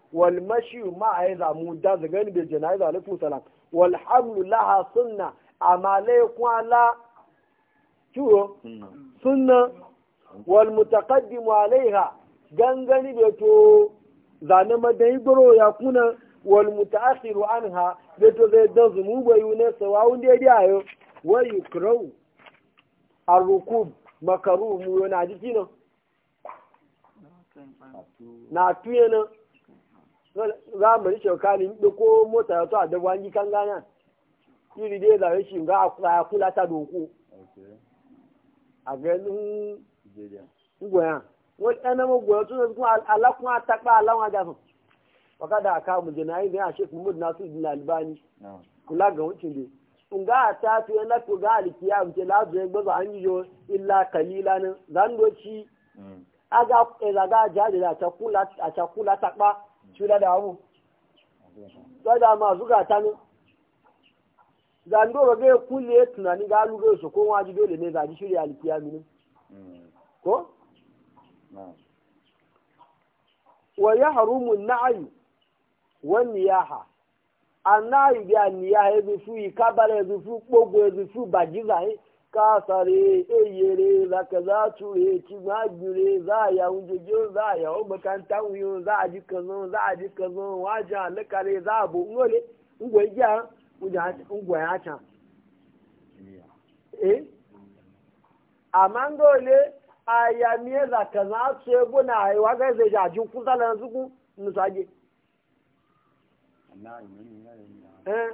wal mashi ma a yi zamu da zagan bai jana yi zalifu salam amma laikun la ciwo sunna wal alaiha gangani bai to zane madai goro ya kuna wal mutaakhiru anha bai to zai dan zumu bayu ne sawawun da ya biya wa yukrau arrukub makaru mu yana jiki na na zamani shekali ko mota ya to a dabuwa kan gana iri dai zare ga a kula ta a ganin wani zuwa alakun a alawa waka da aka mu jina yi albani kula ga dai in ga yana ko ga alikiya lazu ya gbaza an yi yo illa kalila nan zan doci mm. e ga a cakula su da damu sai da masu gata ne zandoro zai kulle tunani ga alugai su ko ji dole ne zaji shirya alkiya mini ko wa ya harumu na'ayu wa niyaha annayu bi an niyaha ezufu ikabara ezufu gbogbo ezufu bajiza eh kasare eyere za ka za ture ci za gire za ya wujeje ya o makanta wuyo za a ji kazo za a ji kazo waje alakare za a bu ngole ngwe ja ngwe ya can eh amma ngole aya miye za ka za su ebo na aiwa ga zai ja jin kusa na zuku nusage eh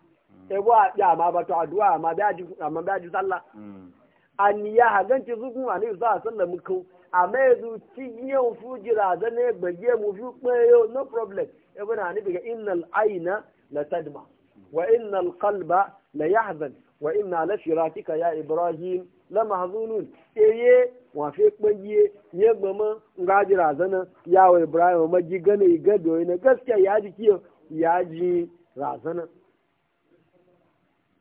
ebo a ya ma ba addu'a ma ba a amma ji sallah mm. an ya haganci zugun ani za ní ko amma yanzu cinye fujira mu fi no problem ebo na wa yahzan wa inna ya ibrahim la mahzunun eye wa fi kwaye ye gbama ngajira zana ibrahim ma ji ga na gaskiya ya ya razana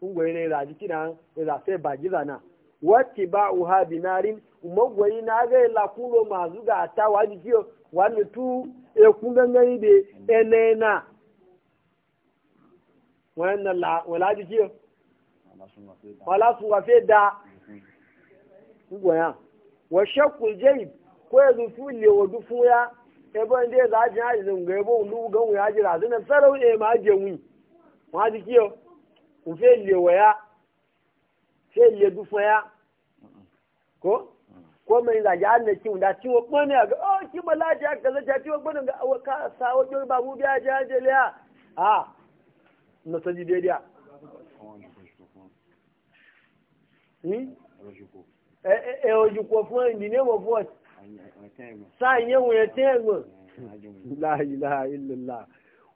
ngwai ne zaji kina ya zafe ba giza na wacce ba uha binarin magwai na ga la kuro mazu ga ta waji kiyo wani tu e kun gangani de enena wannan la wala ji kiyo wala su wafe da ngwaya wa shakul jayib ko ya zufu le ya ebe ndi eze ajị ha nga ebe olu ga nwe ha jiri azụ na fero e ma ajị enwi ma ji kiyo kò fẹ́ lè wọ̀ ya fẹ́ lè dú fún ya kó ko mai zaje an ne kiwon da ciwo kone ki malaji ya kaza ta ciwo kone ga awa ka sa wajo ba mu biya ja je liya a na saji dai dia hmm eh eh e oju ko fún fún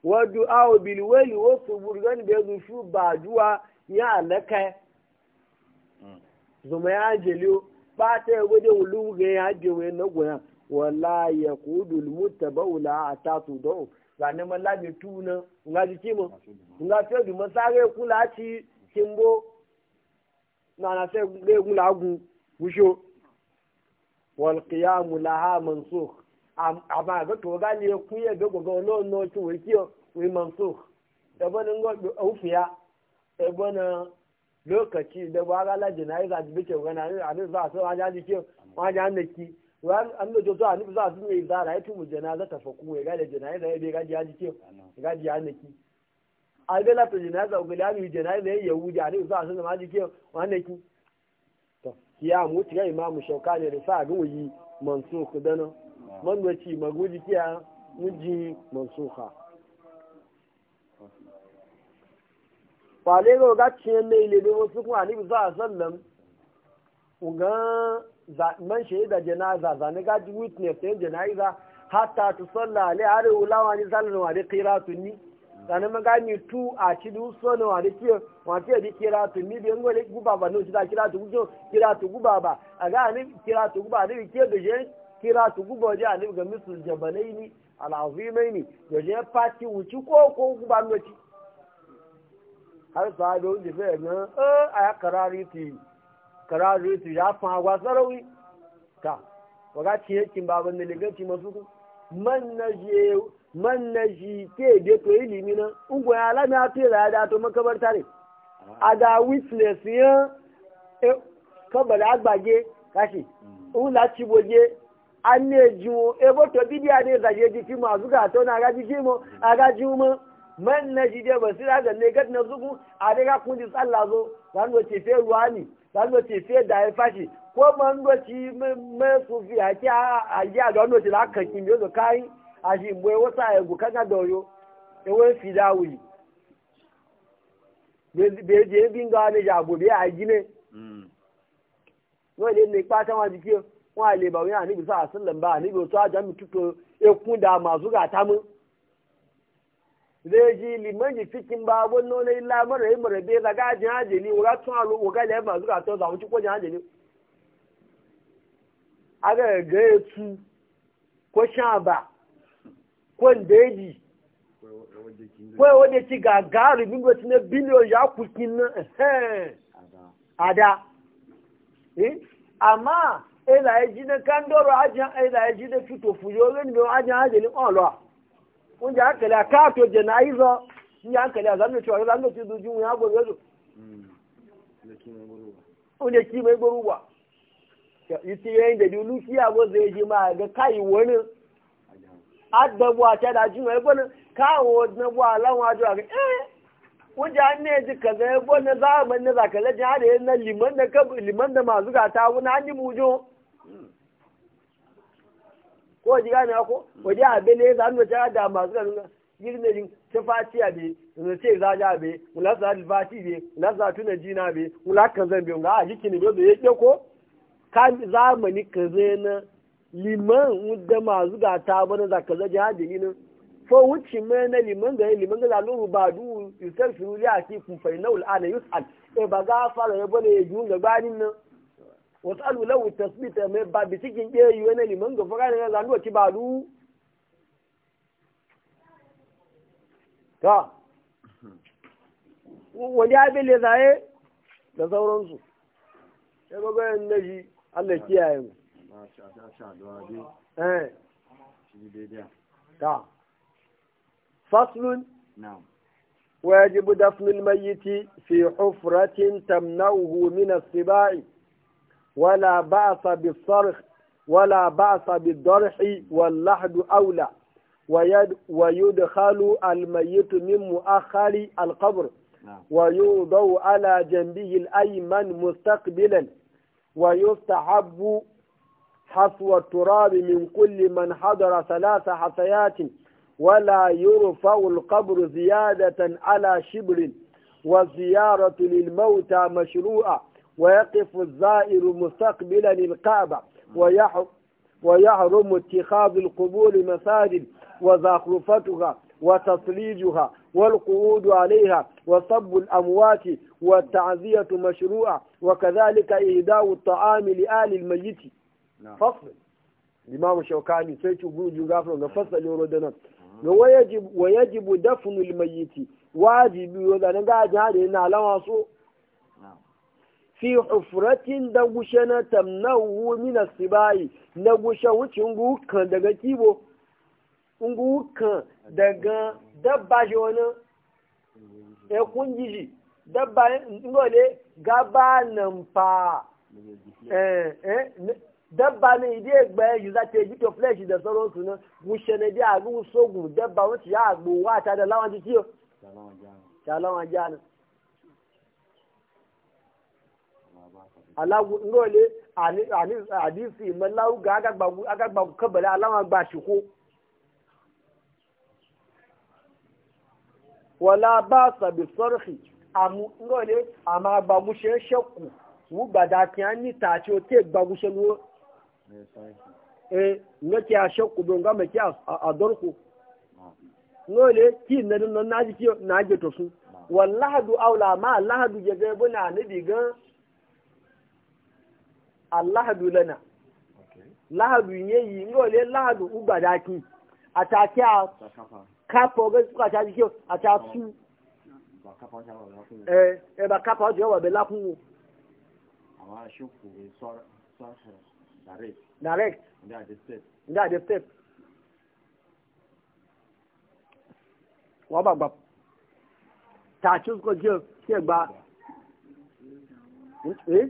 wadu awo bilweli wo subur gani be zu shu ba ya alaka mm. zuma ya jeli ba ta ya gode wulu ga ya je we na goya wala yaqudu almutabau la atatu do ga ne malla bi tuna nga ji kimo nga fe du masare kula ci kimbo na na se le gula gu wusho wal qiyam laha mansukh àmà àgbẹ̀tọ̀ ọ̀gá lè kún yẹ̀ gbẹ̀ gbọ̀ngàn ọlọ́ọ̀nà tí wọ́n kí ọ wọ́n mọ̀ tó ẹ̀bọ́n ní ngọ́ òfìyà ẹ̀bọ́n na lókàtí ìdẹ́gbọ́ agálájì náà ẹ̀ka àti bíkẹ̀ wọn náà àdúgbò àti wọn ajá dìkẹ́ wọn ajá Wa wọn ne tó àdúgbò sọ àdúgbò ìgbà rà ètò ìmùjẹ náà lọ́tà fọkùn ẹ̀ka lè jẹ̀ náà ẹ̀ka jẹ́ àdìkẹ́ ẹ̀ka jẹ́ ànàkí. àgbẹ̀ látọ̀ jẹ̀ náà sọ̀gbẹ̀lì àmì ìjẹ̀ náà ẹ̀yẹ̀ yẹ̀wù jẹ̀ àdúgbò sọ àdúgbò àdìkẹ́ wọn ànàkí. kìí àmú tìrẹ̀ ìmáàmù ṣọ̀ká ni rìfáà gún wòye mọ̀nsókù dana. manwaci maguji kiya muji mansuha kwale ga ga ciyen na ile domin su kuma anibi za a sallam ga man shaida janaza zane gaji witness ta yin janaiza hatta tu salla ale are ulama ni sallan wa de qiratun ni sanan maga ni tu a ci du sono wa de ki wa ti de qiratun ni be ngole gu baba no ci da qiratun gujo qiratun gu baba aga ni gu baba ni ki de je kira tu gubo je annabi ga misul jabalaini alazimaini da je fati wuci ko ko guba noci har sahabe wanda zai ga eh aya karari ti karari ti ya fa wa sarawi ta waga ci yakin baban ne legaci masu ku man na je man na ji ke de to ilimi na ungo ya la na te la da to makabarta ne a da witness ya eh, kabala agbaje kashi mm. un la ci boje an ne jiwo e boto bidiya ne zaje jiki zuga to na ga jiki mo a ga jiwo mu man na jide ba sai ga ne gat na zugu a ga kun di tsalla zo zan go ti fe ruwani zan go ti fe da fashi ko man go ci me su fi a ti a ji a don no ti la kan kin yo kai a ji mwe wata e gu kan da yo e wo fi da wuli be je bin ga ne ja bo be a ji ne no mm. le ne pa ta wa jiki wọn àlè bàwí àníbi sọ àsìlẹ̀mbà àníbi sọ àjàmì tútù da dà màzú gà tá mú. Reji limanji fikin ba wani nuna ila mara yi mara bai zaga ajin ajiyeli wuga tun alo wuga lẹ mazu gà tó zàwọn tí kò jẹ ajiyeli. Aga ga etu ko shamba ko ndeji ko ewo de ti gàgà rìbí bó ti ní bílíọ̀nù yà kùkì náà ada. Àmà. ila eji na kandoro aja ila eji na fito fuyo gani bi aja aja ni a unje akele a je um e na izo ni akele azanu cho azanu ti duju ya go yozo unje ki me goruwa yiti yen de dulu ki ago zeji ma ga kai woni adabu acha na ju e bona ka wo na wa lawa ajo aga eh unje anne ji kaza za na zakale ja da na liman anyị bụ ụjọ. ko ji gane ko waje abe ne za mu ta da masu ganin girne din ta fatiya be mu ce za ja bai, mula za za fati be mu la za tuna jina be mula kan zan be mu ga jiki ne ya ke ko kan zamani kaze na liman da masu ga ta bana za kaza jihadi ne fo wuce mai na liman ga liman ga zalu ba du yusar su ki kun fa na ul ana yusal e ba ga fara ya bane ya ju ga banin nan wasu alulau tasbita mai ba bi cikin ɗaya yi wani liman ga fara ne zanuwa ci balu ta wani abin da zaye da sauransu ya ga bayan na shi Allah kiyaye mu ta faslun na'am ويجب دفن الميت في حفرة تمنعه من السباع ولا بأس بالصرخ ولا بأس بالضرح واللحد أولى ويد ويدخل الميت من مؤخر القبر نعم. ويوضع على جنبه الأيمن مستقبلا ويستحب حفو التراب من كل من حضر ثلاث حصيات ولا يرفع القبر زيادة على شبر والزيارة للموتى مشروعة ويقف الزائر مستقبلا الكعبة ويحرم اتخاذ القبور مساجد وزخرفتها وتصليجها والقعود عليها وصب الأموات والتعزية مشروعة وكذلك إهداء الطعام لآل الميت فصل الإمام الشوكاني سيتو بوجو غافر فصل يردنا ويجب, ويجب دفن الميت واجب يردنا قاعد هذه نعلم أصول fi hufratin da gushe na tamnahu mina sibayi na gushe wuce ngukan daga kibo ngukan daga dabba shi wani ya kungi shi dabba ngole gaba nan fa eh, eh, dabba ne ide egbe yi za ta egito flesh da sauransu na gushe na bi a gusogun dabba wuce ya agbowa ta da lawan jikiyo ta lawan jana alawu ngole hadisi malawu ga aga gbagu kabale alama wala ba sa bi amu ngole ama gbagu she shakku wu gbada an ni ta ti o te gbagu she wo don ga me a dorku ngole ki na na na na su wallahi aula ga alahadu lana lahadu yeyi ngo le lahadu ugbadaki atake a kapo ge suka ta dikio ata su eh e, e ba kapo jo wa be awa shuku e so step nda de step wa ba eh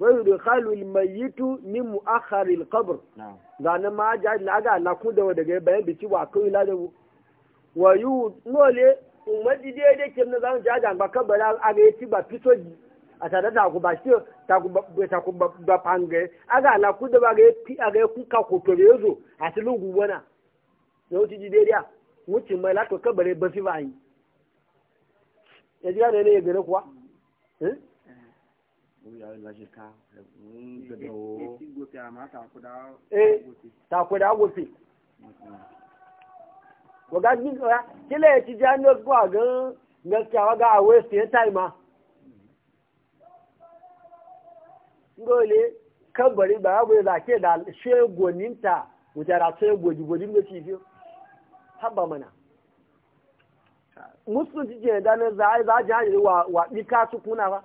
wa min mu'akhkhari الميت من مؤخر القبر نعم غانا ما جاء لاغا لا كون دو دغه بيان wa وا ila da wa ويو نولي umaji dai dai kin da zan jaja ba ka bara a ga yati ba fito a tare da ku ba shi ta ku ba ta ku ba pange a ga la ku da ba ga yati a ga ku ka ku to rezo a tilin guwana yau ti ji dai dai wuci mai la ka bare ba fi ba yi ya ji ga ne ne gare kuwa eh eh ta kwada wote waga gbin oya kila ya ci janus gwa gan gaskiya waga a waste ya time mm-hmm. ngole kabari ba abu da ke da shegoninta wutara sai goji goji ne ci fiyo haba mana musulunci ce da na za a ji wa wa ɗika su kuna ba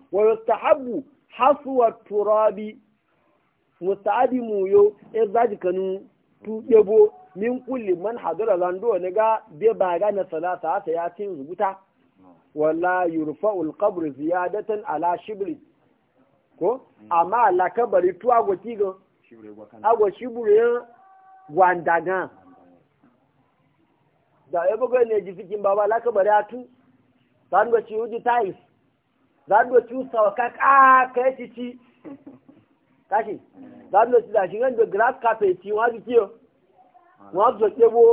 wa yustahabbu haswa turabi mustahabi mu yo e zaji kanu tu debo min kulli man hadara zando ne ga be ba ga na salata ta ya rubuta wala yurfa'u al-qabr ziyadatan ala shibri ko amma ala kabari tu ago tigo ago da ebo ga ne jifikin baba la kabari atu tan go ci uji tais zando ci usawa ka ka ya ci ci kashi zando ci da shi ran da grass carpet ci wa jiki yo wa zo kebo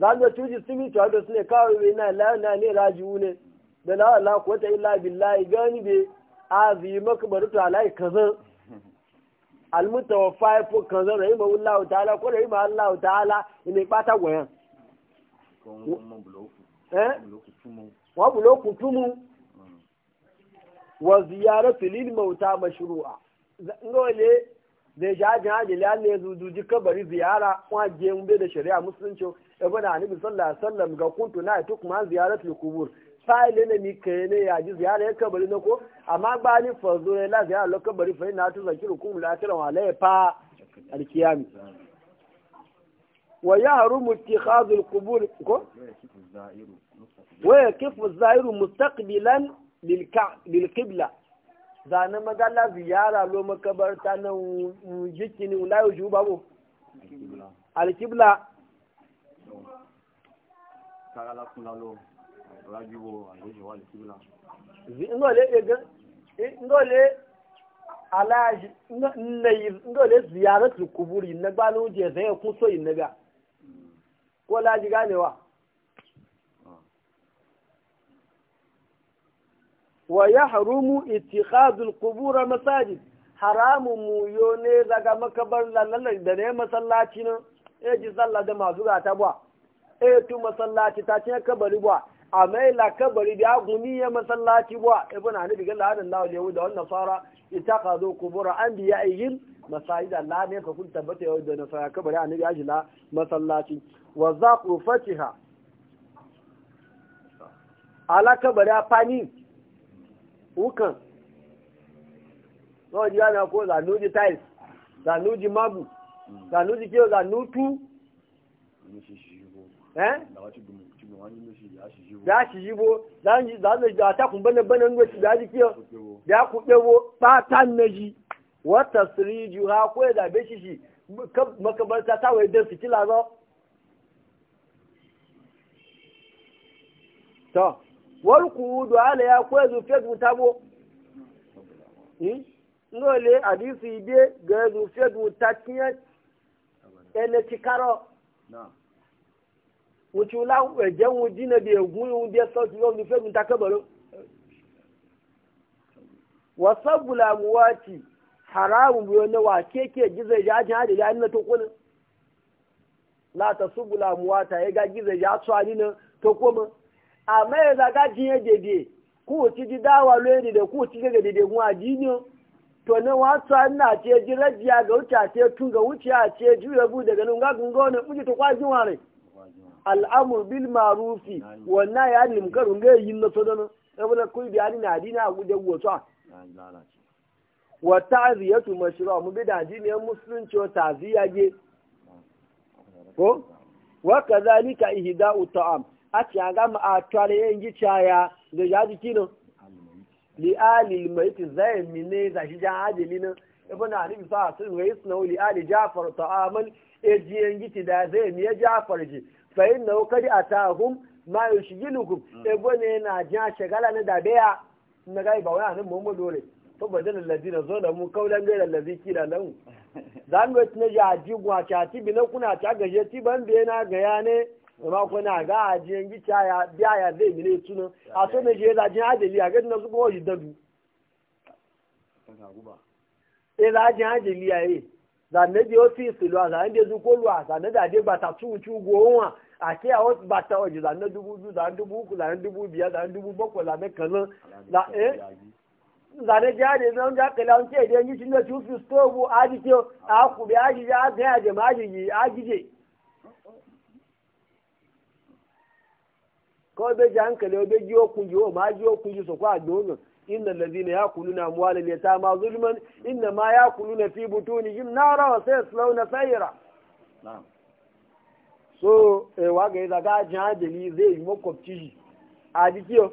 zando ci ji simi to da sune kawai wai na la na ne rajiu ne da la la ko ta illa billahi gani be azi makbaru ta lai kaza almutawaffa fo kaza rahimahullahu ta'ala ko rahimahullahu ta'ala ne pata goyan eh wa kutumu wa ziyaratu lil mauta mashru'a ngole da ja ja da lalle zuzuji kabari ziyara wa je mun da shari'a musulunci bana annabi sallallahu alaihi wasallam ga kuntu na ziyaratu lil qubur sai ne mi kai ne ya ji ziyara ya kabari na ko amma ba ni fazo ya la ziyara lo kabari fa ina tu zakiru kum la tara wa la fa alkiyami wa yahrumu ittikhadhu alqubur ko waya kifu zairu mustaqbilan lil qibla zane magala ziyara lo makabarta na jikini ulayu ju babu al qibla kagala kula lo rajibo ajeje wal na gbalo je zai ko ganewa wa ya harumu itikadul kubura masajid haramun mu yo ne daga makabar lalalar da ne masallaci nan e ji sallah da masu gata ba e tu masallaci ta ce kabari ba a mai la kabari da gumi ya masallaci ba ibn hanifi ga lahadan lahu da yahuda wannan fara itakadu kubura anbiya'ihim masajid Allah ne ka kun tabbata yau da nasara kabari annabi ya jila masallaci wa zaqu fatiha ala kabari fani wukan wọ́n di yánà kó zanuji tiles zanuji mabu zanuji kí o zanutu ya ṣì yíbo zanuji atakun bẹ́nẹ̀bẹ́nẹ̀ ní oṣù dájí kí o ya kú pẹ́wó pátá nẹ́yí wọ́ta sírí ju ha kó ẹ̀dà bẹ́ ṣíṣì makabarta táwọn ẹ̀dẹ́ fìtílà lọ. tọ́ walkudu ala ya kwa zu fedu tabo ngole hadisi ide ga zu fedu tatiya ene tikaro wucu la eje wu dina bi egun wu de so ti lo fedu takabaro wasabula muwati haramun bi wani wa keke gizai ya jin hadili an na ta muwata ya ga gizo ya tsuwa na tokunan àmọ́ ẹ̀dá ká tiẹ̀ dèdè kú ti di dáwà lóye dèdè kú ti gẹ́gẹ́ dèdè gun àdínú to ne wa tsa na ce ji rajiya ga wuce ce tun ga wuce ce juya bu daga nan ga gungo ne muje to kwajin ware al'amur bil ma'rufi wannan ya ni muka runga yin na sodana na kuyi bayani na adina a guje gotsa wa ta'ziyatu mashrua, mu bi da dini yan musulunci wa ta'ziya ge ko wa kadhalika ihda'u ta'am ati ti a gama a tuwale yin kino li ali mai ti zai mine za shi jan na ibn ali sa sun rai suna li ali jafar ta'aman e ji yin da zai miya jafar ji fa inna kadi atahum ma yushgilukum e ne na jan shagala na da beya na gai ba wani na mu dole to badal alladina zalamu qawlan ghayra allazi qila lahum zan ya ji gwa ta bi na kuna ta gaje ti ban be na ga ya ne amma na ga ajiyan gica ya biya ya a so je a gadin su kowa e zajin adali ya yi zanne je ofisi lo zanne je zuko lo zanne da je bata tu tu gowa a a bata dubu dubu dubu dubu kawai bai ji hankali bai ji okun ji o ma ji okun ji su kwa adonu inna allazina yakuluna amwalal yatama zulman inna ma yakuluna fi na nara wa sayaslawna na na'am so e wa ga da ga jan deli zai yi makwabci shi a dikiyo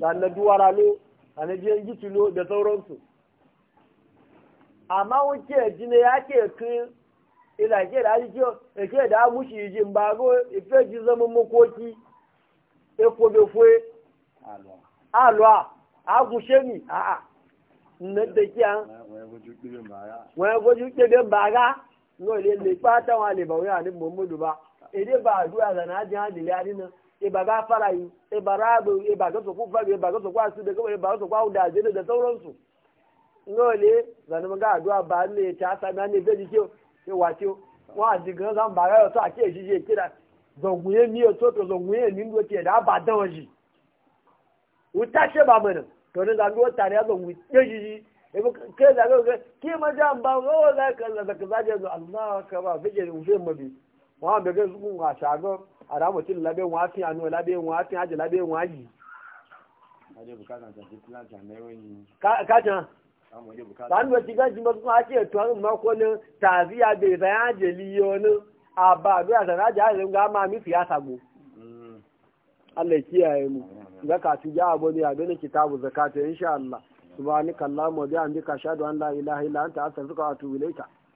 dan na duwara lo dan je gitu lo da su. amma wuce jine yake kin ila ke da dikiyo e ke da mushi jin bago ife e ji zaman makoki epo bɛ foe alɔa agun sɛmi aa ne de kia wɔn ɛgbɛju kpebe mbaga n'o le le kpata wɔn aleba wɔn ale mɔmɔdo ba ede ba adu na adi hã lele adi na eba ka fara yi eba ra agbe eba ka sɔkò fa bi eba ka sɔkò asi de kɔmi eba ka sɔkò awu da aze de de sɔwɔrɔ nsu n'o le zanima ka adu aba ne tsa sami ane efe di tse o ewa tse o wɔn adi gan san mbaga yɔ sɔ ake ezi tse tse la. zonguye miyo soto zonguye mindo ce da ba dan waji wuta ce ba mana to ne zango wata ne zongu yaji e kai zango ga ki ma jan ba go za ka za ka za je zo Allah ka ba fike ne uje mabi wa be ga su ga shago aramu tin labe wa fi anu labe wa fi haji labe wa ji aje bukatan ta ti plan ta ne wani ka ka ta ba ni ba ti ga ji ma ko ake to ma ko ne taziya be ne abba biya sanaja ya zunga ma mi fiya sago Allah kiyaye mu ga kasu ja abu ne a ganin kitabu zakata insha Allah subhanakallahumma wa bihamdika ashhadu an la ilaha illa anta astaghfiruka wa atubu ilayka